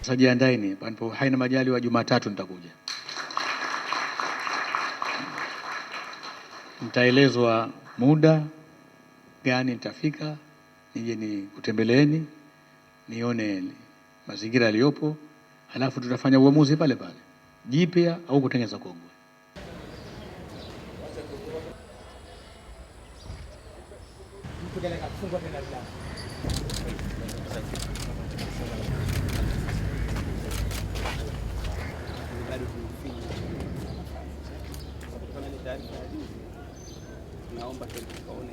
Sasa jiandaeni, panapo haina majaliwa, Jumatatu nitakuja, nitaelezwa muda gani nitafika, nije ni kutembeleeni nione mazingira yaliyopo, halafu tutafanya uamuzi pale pale, jipya au kutengeneza kongwe bado kutokana na taarifa ya juzi, tukaone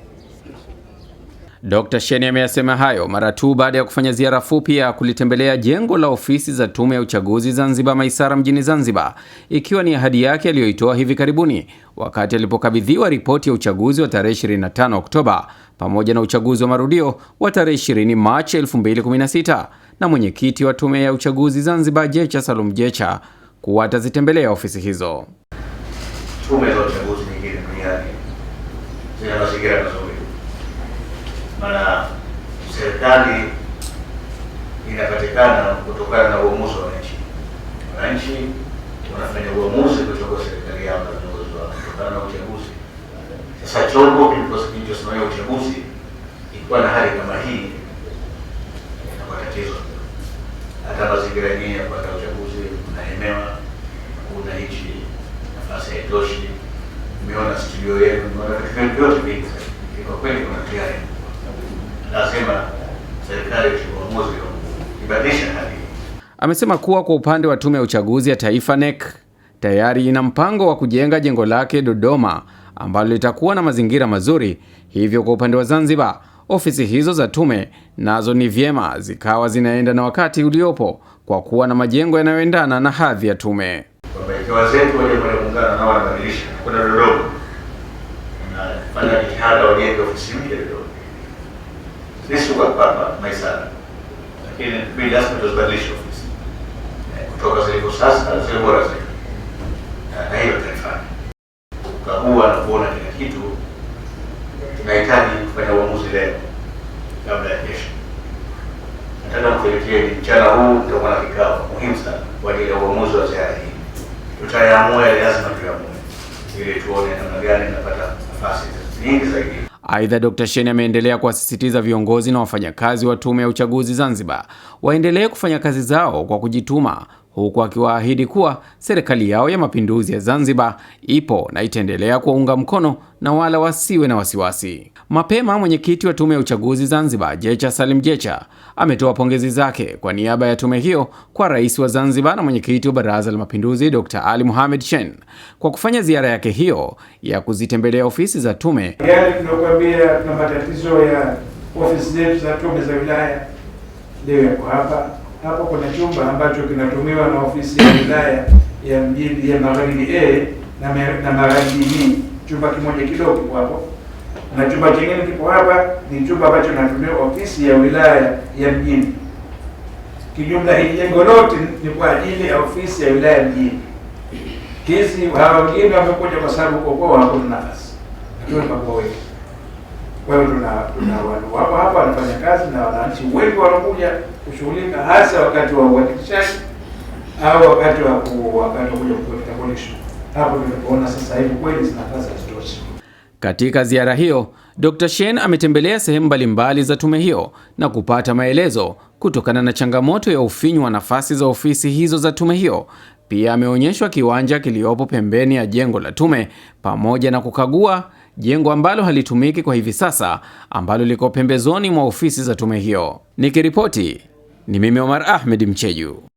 Dr. Sheni ameyasema hayo mara tu baada ya kufanya ziara fupi ya kulitembelea jengo la ofisi za Tume ya Uchaguzi Zanzibar Maisara mjini Zanzibar, ikiwa ni ahadi yake aliyoitoa hivi karibuni wakati alipokabidhiwa ripoti ya uchaguzi wa tarehe 25 Oktoba pamoja na uchaguzi wa marudio wa tarehe 20 Machi 2016 na mwenyekiti wa Tume ya Uchaguzi Zanzibar Jecha Salum Jecha kuwa atazitembelea ofisi hizo. Tume za uchaguzi nyingine duniani zina mazingira mazuri, maana serikali inapatikana kutokana na uamuzi wa wananchi. Wananchi wanafanya uamuzi kuchagua serikali yao na kutokana na uchaguzi. Sasa chombo kilichosimamia uchaguzi ikiwa na hali kama hii nafasi haitoshi. Nimeona studio yenu, nimeona vitu vyote vingi, kwa kweli kuna tiari. Lazima serikali uamuzi wa kubadilisha hali. Amesema kuwa kwa upande wa tume ya uchaguzi ya taifa NEC tayari ina mpango wa kujenga jengo lake Dodoma ambalo litakuwa na mazingira mazuri, hivyo kwa upande wa Zanzibar ofisi hizo za tume nazo ni vyema zikawa zinaenda na wakati uliopo kwa kuwa na majengo yanayoendana na hadhi ya tume mikewa zetu waje kwenye muungano nao wanabadilisha kuna Dodoma, wanafanya jitihada wajenge ofisi mpya Dodoma. Sisi kwa papa Maisara, lakini bili lazima tuzibadilisha ofisi eh, kutoka zilivyo sasa zile bora zaidi, na hiyo tutaifanya. Kukagua na kuona kila kitu, tunahitaji kufanya uamuzi leo kabla ya kesho. Nataka kuelekea mchana huu, tutakuwa na kikao tutayamua yale lazima tuyamue, ili tuone namna gani tunapata nafasi nyingi zaidi. Aidha, Dkt. Shein ameendelea kuwasisitiza viongozi na wafanyakazi wa Tume ya Uchaguzi Zanzibar waendelee kufanya kazi zao kwa kujituma huku akiwaahidi kuwa serikali yao ya mapinduzi ya Zanzibar ipo na itaendelea kuwaunga mkono na wala wasiwe na wasiwasi. Mapema mwenyekiti wa tume ya uchaguzi Zanzibar, Jecha Salim Jecha, ametoa pongezi zake kwa niaba ya tume hiyo kwa rais wa Zanzibar na mwenyekiti wa baraza la mapinduzi Dr. Ali Mohamed Shein kwa kufanya ziara yake hiyo ya kuzitembelea ofisi za tume. Gari tunakwambia matatizo ya ofisi zetu za tume za wilaya, leo yako hapa hapo kuna chumba ambacho kinatumiwa na ofisi ya wilaya ya mjini ya Magharibi A na, na Magharibi B. Chumba kimoja kidogo kipo hapo na chumba kingine kipo hapa, ni chumba ambacho kinatumiwa ofisi ya wilaya ya mjini. Kijumla hili jengo lote ni kwa ajili ya ofisi ya wilaya ya mjini. Kesi hawa wengine wamekuja kwa sababu kokoa hakuna nafasi, lakini pakoe kwa hiyo tuna watu hapa hapa wanafanya kazi na wananchi wengi wanakuja kushughulika, hasa wakati wa uandikishaji au wakati wa wakati wa kuja kupewa Hapo tunapoona sasa hivi kweli zina kazi hazitoshi. Katika ziara hiyo, Dr. Shein ametembelea sehemu mbalimbali za tume hiyo na kupata maelezo kutokana na changamoto ya ufinyu wa nafasi za ofisi hizo za tume hiyo. Pia ameonyeshwa kiwanja kiliyopo pembeni ya jengo la tume pamoja na kukagua jengo ambalo halitumiki kwa hivi sasa, ambalo liko pembezoni mwa ofisi za tume hiyo. Nikiripoti ni mimi Omar Ahmed Mcheju.